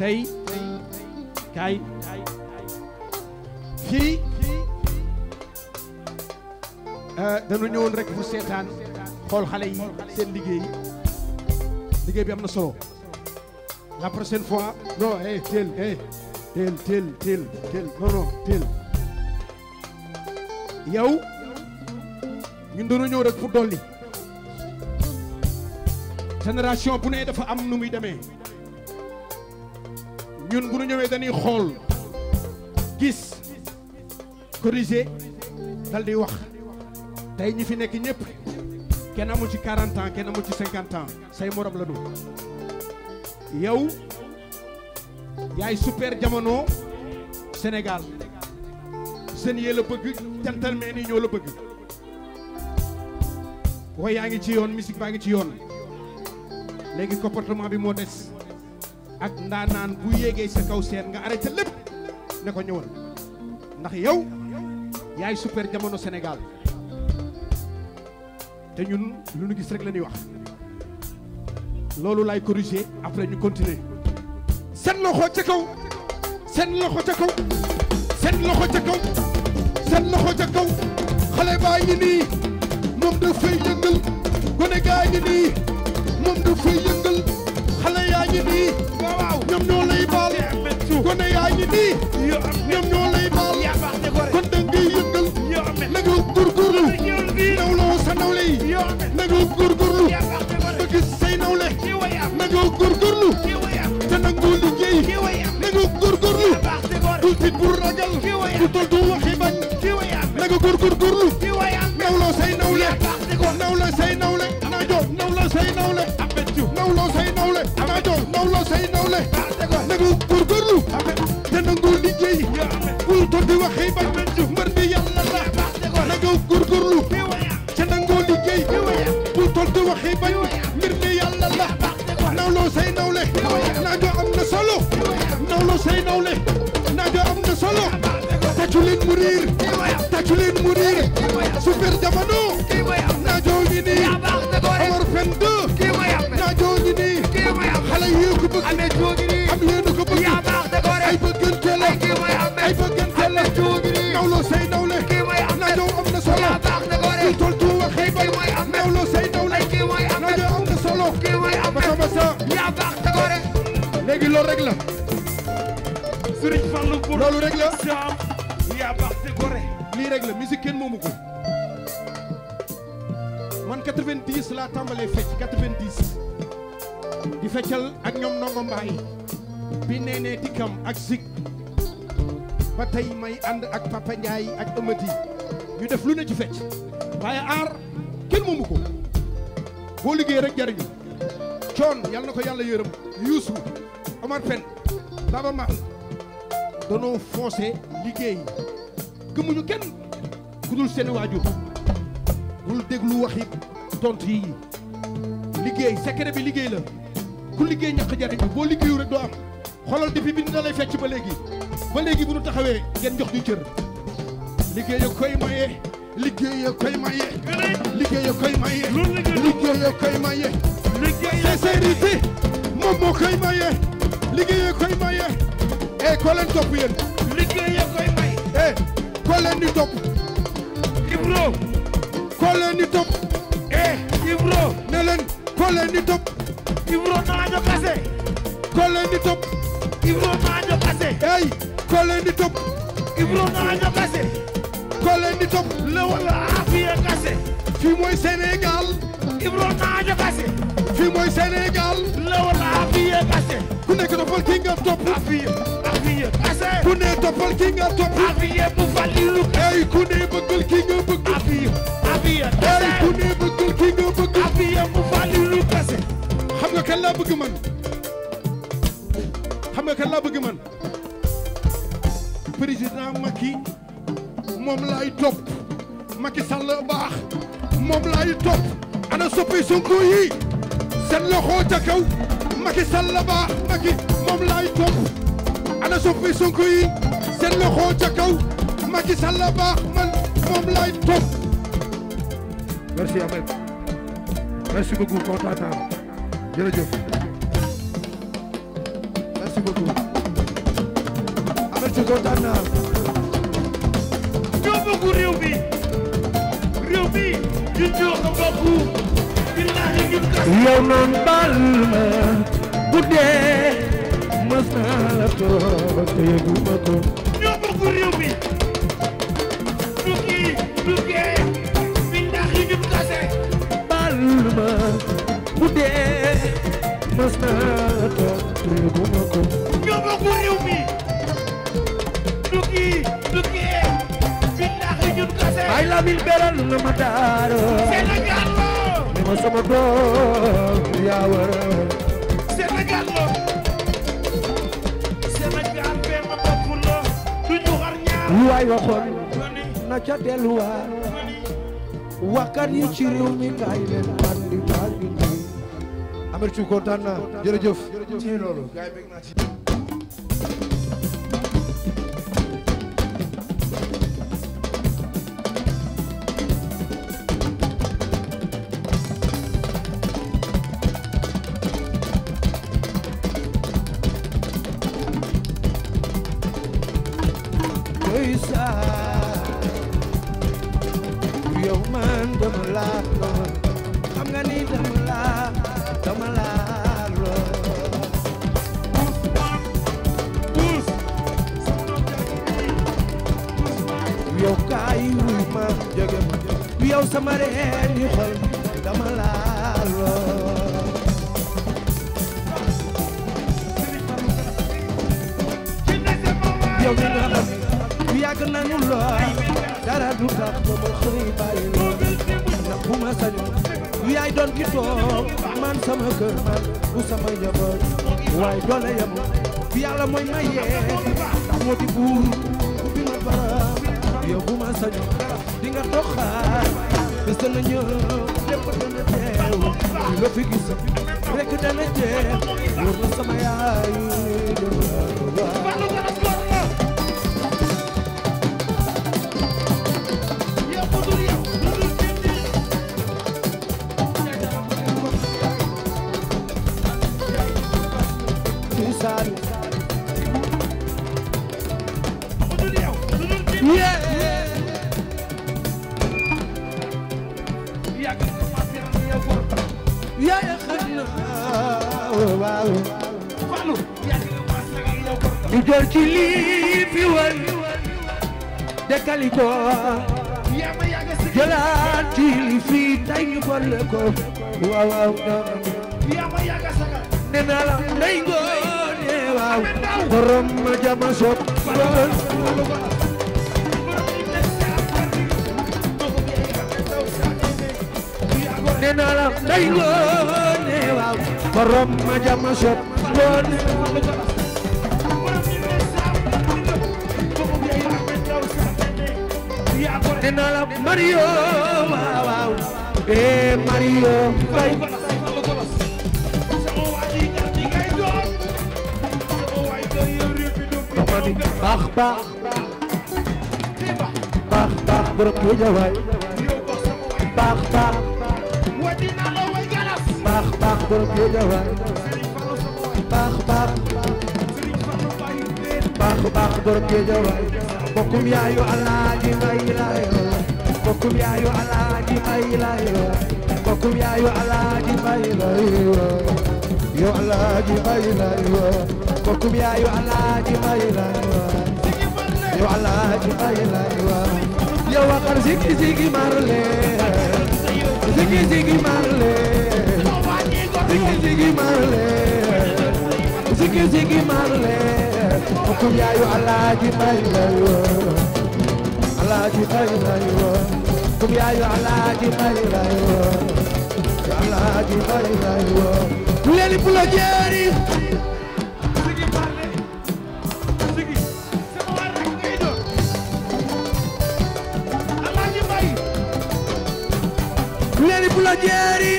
tey kaay fii euh, dañu ñëwoon rek bu seetaan xool xale yi seen liggéey liggéey bi am na solo la prochaine fois non eh teel eh teel teel teel teel non non teel yow ñun dañu ñëw rek pour dolli génération bu ne dafa am nu muy demee ñun bu ñu ñëwee dañuy xool gis corriger dal di wax tey ñi fi nekk ñëpp kenn amu ci 40 ans kenn amu ci 50 ans say morom la ñu yow yaay super jamono Sénégal seen yee la bëgg jantalmeen yi ñoo la bëgg yaa ngi ci yoon musique baa ngi ci yoon léegi comportement bi moo des ak ndaanaan bu yéegee sa kaw seen nga arrêté lépp ne ko ñëwal ndax yow yaay super jamono Sénégal te ñun lu ñu gis rek la ñuy wax loolu lay corriger après ñu continuer seen loxo ca kaw seen loxo ca kaw seen loxo ca kaw seen loxo ca kaw xale baa ngi moom daf fay gone gaa ngi moom daf fay ngi nii ñoom ñoo lay baal gone yaa ngi nii ñoom ñoo lay baal kon da ngay yëngal na nga góorgóorlu nawloo sa nawle yi na nga góorgóorlu bëgg say nawle na nga góorgóorlu te nangoo liggéey na nga góorgóorlu bul tiit bul ragal bul toltu wax nawle naajo am na solo tàccu leen mu riir tàccu leen mu riir super jamono naajo ngi nii Omar Pène 2 naajo ngi nii xale yi ko bëgg am yéen ko bëgg ay bëggante la ay bëggante la nawloo say nawle naajo am na solo ñu tol tu waxee ba nawloo say am na solo masa masa léegi loolu rek la loolu rek la saam yaa baax te gore lii rek la musique kenn moomu ko man 90 laa tàmbalee fecc 90 di feccal ak ñoom ndongo mbaay bi neenee dikkam ak sig ba may ànd ak Papa ak ëmmati ñu def lu ne ci fecc waaye aar kenn moomu ko boo liggéey rek jariñu coon yal na ko yàlla yërëm yuusu Omar Pène Baba Maal danoo foncé liggéey gëmuñu kenn ku dul seen waajur bul déglu waxi tont yi liggéey secret bi liggéey la ku liggéey ñàkk jariñu boo liggéeyu rek doo am xoolal depuis bi na lay fecc ba léegi ba léegi bu nu taxawee ngeen jox ñu cër liggéey ak koy maye liggéey ak koy maye liggéey ak koy maye liggéey ak moom moo koy maye liggéey koy maye eh koo leen topp yéen. liggéeyee koy may. eh koo leen di topp. Ibro. leen di topp. eh ne leen koo leen di topp. Ibro naajo kase. koo leen di topp. Ibro naajo kase. eh leen di topp. Ibro naajo kase. koo leen di topp. le wala afiya fii mooy Sénégal. lawal abiye ase. ku nekk toppal ki nga topp. ku ne toppal ki nga topp. abiye bu falilu. ay ku ne bëggal ki nga bëgg. abiye abiye ase. ay ku ne bëggal ki nga bëgg. abiye bu xam nga kan laa bëgg man. xam nga kan laa bëgg man. président Macky moom laay topp Macky Sall baax moom laay topp ana soppi Sonko yi. seen loxo ca kaw Macky Sall ba Macky moom laay topp ana soppi Sonko yi seen loxo kaw Macky Sall ba man moom laay topp merci Ahmed merci beaucoup kontaan naa jërëjëf merci beaucoup Ahmed si kontaan naa ñoo bëgg réew bi réew bi ñu jox ko mbokku yow noon bal ma bu dee mës naa la tooba te yëguma ko ñoo bokk réew mi du kii du kee bi ndax yi ñu tase bal ma bu dee mës naa la tooba te yëguma ko ñoo bokk réew mi du kii du kee bi ndax yi ñu tase ay la mil beral ma daaro Sénégal ma sama doom yaa war lu waay waxoon na ca delluwaat waxkat yi ci réew mi kaay leen bandi bandi Amérique kontaan naa jërëjëf yow man dama laa lool nga ni dama laa dama laa lool yow kaay wuy ma jóge ma yow sama reen yi xol dama laa lool yow mi nga xam yàgg nañu lool dara du tax ba ma xëy bàyyi ndax bu ma sañoon yaay doon ki toog man sama kër man bu sama njaboot waaye doole yam yàlla mooy maye ndax moo di buur bi ma baram yow ma sañoon di nga toog xaar bés dana ñëw lépp dana teew nga fi gis rek dana jeex wóor na sama yaay Saalum yaaya xarina waaw di joor ci lii fi woon dekkali ko jëlaat ci li fi tay ñu boole ko waaw waaw nee naa la ndey ngoo waaw borom ma jama sopp nee naa la day woone waaw borom ma jama sopp woone nee naa la Mario waaw waaw eh Mario Faye baax baax baax baax borom Géejawaay baax baax baax baax borom Géejawaay baax baax baax baax borom Géejawaay bokkum yaayu Alaaji Mbay Laayo bokkum yaayu Alaaji Mbay Laayo bokkum yaayu Alaaji Mbay Laayo yow alaaji may laay waay bokkum yaa yow alaaji may laay waay yow alaaji may laay waay yow waxar sigi sigi marle sigi sigi marle sigi sigi marle sigi sigi marle bokkum yaa yow alaaji may laay waay alaaji may laay waay bokkum yaa yow alaaji may laay waay alaaji may laay waay leen bulojeeri leen bulojeeri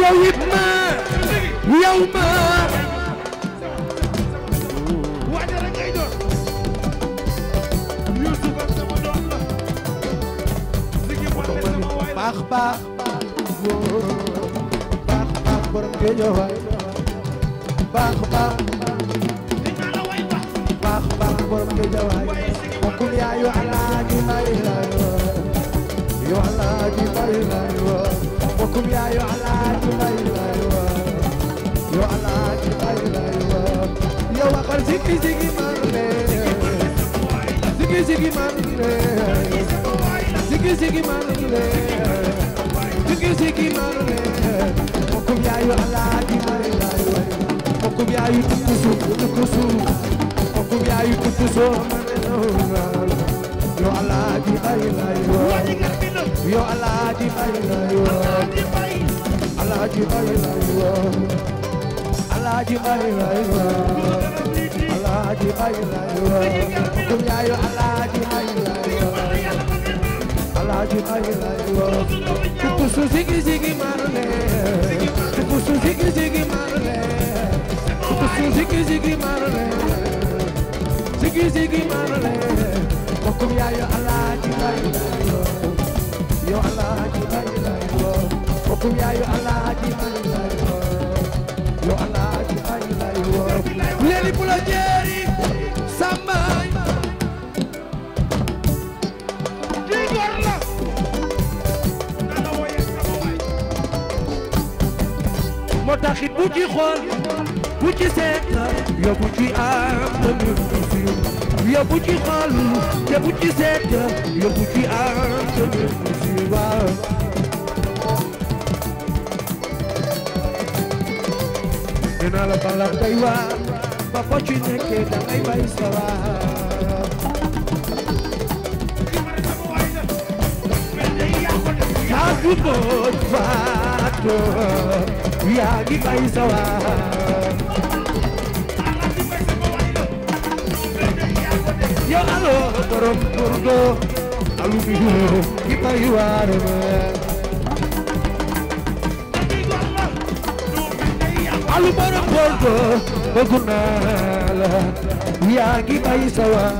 yow it ma yow ma baax baax baax borom géejoo waay baax baax baax baax borom géejoo waay bokkul yaa yu alaaji may laay yu alaaji may laay bokkul yaa yu alaaji may laay yu alaaji may laay yow waxal sigi sigi man de sigi sigi man de Sigi sigi manule Sigi sigi manule Mokum yayu alaaji mare layu Mokum yayu tukusu tukusu Mokum yayu tukusu manule Yo alaaji mare layu Yo alaaji mare layu Alaaji mare layu Alaaji mare layu Alaaji mare layu Mokum yayu alaaji mare layu aji aji lay woo tipusu zigi zigi marle tipusu zigi zigi marle tipusu zigi zigi marle zigi zigi marle mokum ya yo alaaji lay woo yo alaaji lay lay woo mokum ya yo alaaji lay lay woo yo alaaji lay lay woo leli pula jee taxit bu ci xool bu ci seet yow bu ci am yow bu ci xool te bu ci seet yow bu ci am naa la balaa day waar ba foo ci nekkee da ngay bay sa waar yaa du boot faatoo yaa ngi bay sa waar yow alo borom burdo alu bi duro gi bay waar alu borom burdo bëgg naa la yaa ngi bay sa waar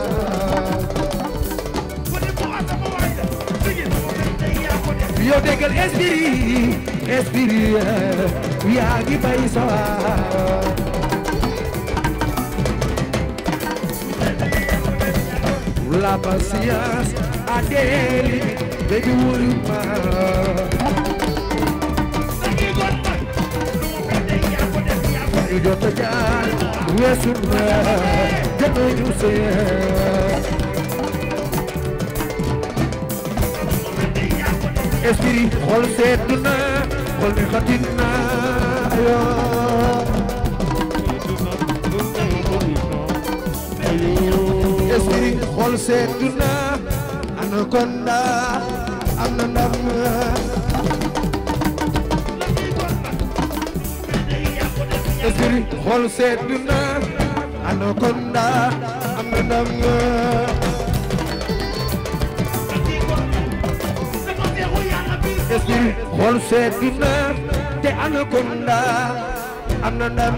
yow déggal esprit esprit eh. yaa ngi bay sawaar La patience a des limites, baby, would you mind? You got the job, we're so mad, get what you say. Esprit, xol seet na, xol esprit xool seetu na anaconda am na ndam esprit xool seetu na anaconda am na ndam esprit xool seetu na te Anaconda am na ndam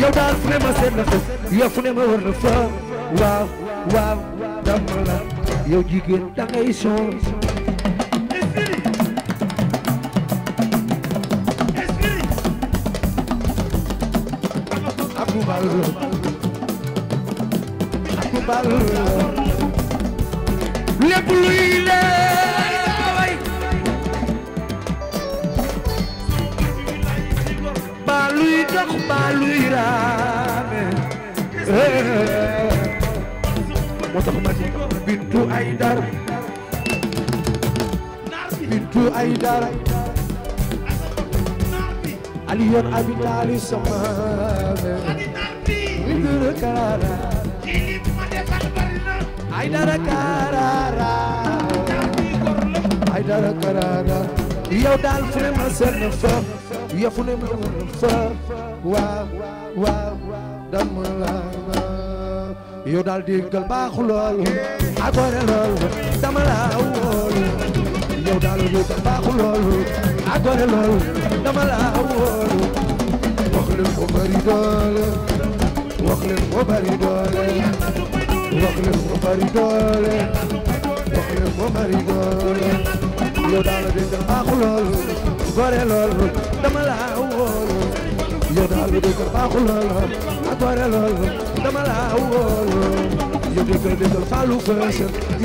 yow daal fu ma seet na fës yow fu ma war na fa waaw waaw dama la yow jigéen dangay sonn aku balu aku balu lépp luy lee ba luy raame moo tax ma ni bintu ay dara bintu ay dara aliyon abi taali sama mi dara karara ay dara karara ay dara karara yow daal fu ne ma seen fa yow fu ne ma fa waaw waaw dama la yow daal diggal baaxu lool agoore lool dama la wóol yow daal diggal baaxu lool agoore lool dama la wóol wax leen ko bari doole wax leen ko bari doole wax leen ko bari doole wax leen ko bari doole yow daal diggal baaxu lool gore lool dama la wóol yow daal bu dëgër baaxul lool ak gore lool dama la wóolu yow dëgër dëgër faalu fës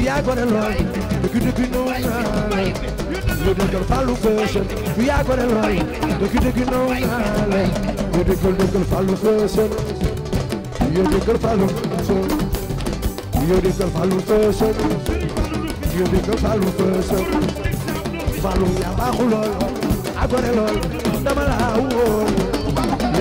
yaa gore lool dëgg dëgg nëw naa la yow dëgër faalu fës yaa gore lool dëgg dëgg nëw naa la yow dëgër dëgër faalu fës yow dëgër faalu fës yow dëgër faalu fës yow dëgër faalu fës faalu yaa baaxul lool ak gore lool dama la wóolu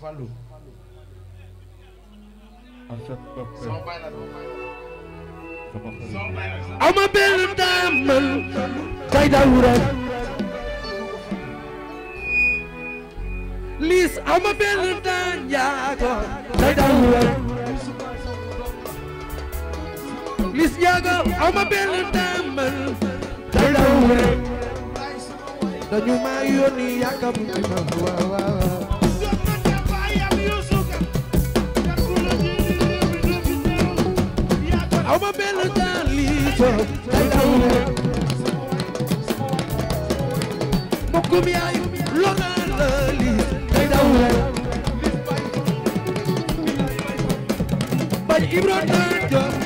Fallou ah, ama benn daamal tay dawura liis ama benn daan njaago tay dawura liis njaago ama benn daamal tay dawura dañu ma yónni yaakaar mu ma waaw waaw aw ma benn gaal lii toog ay dawle mbokkum yaay lonaan la lii ay dawle bañ Ibro daan jox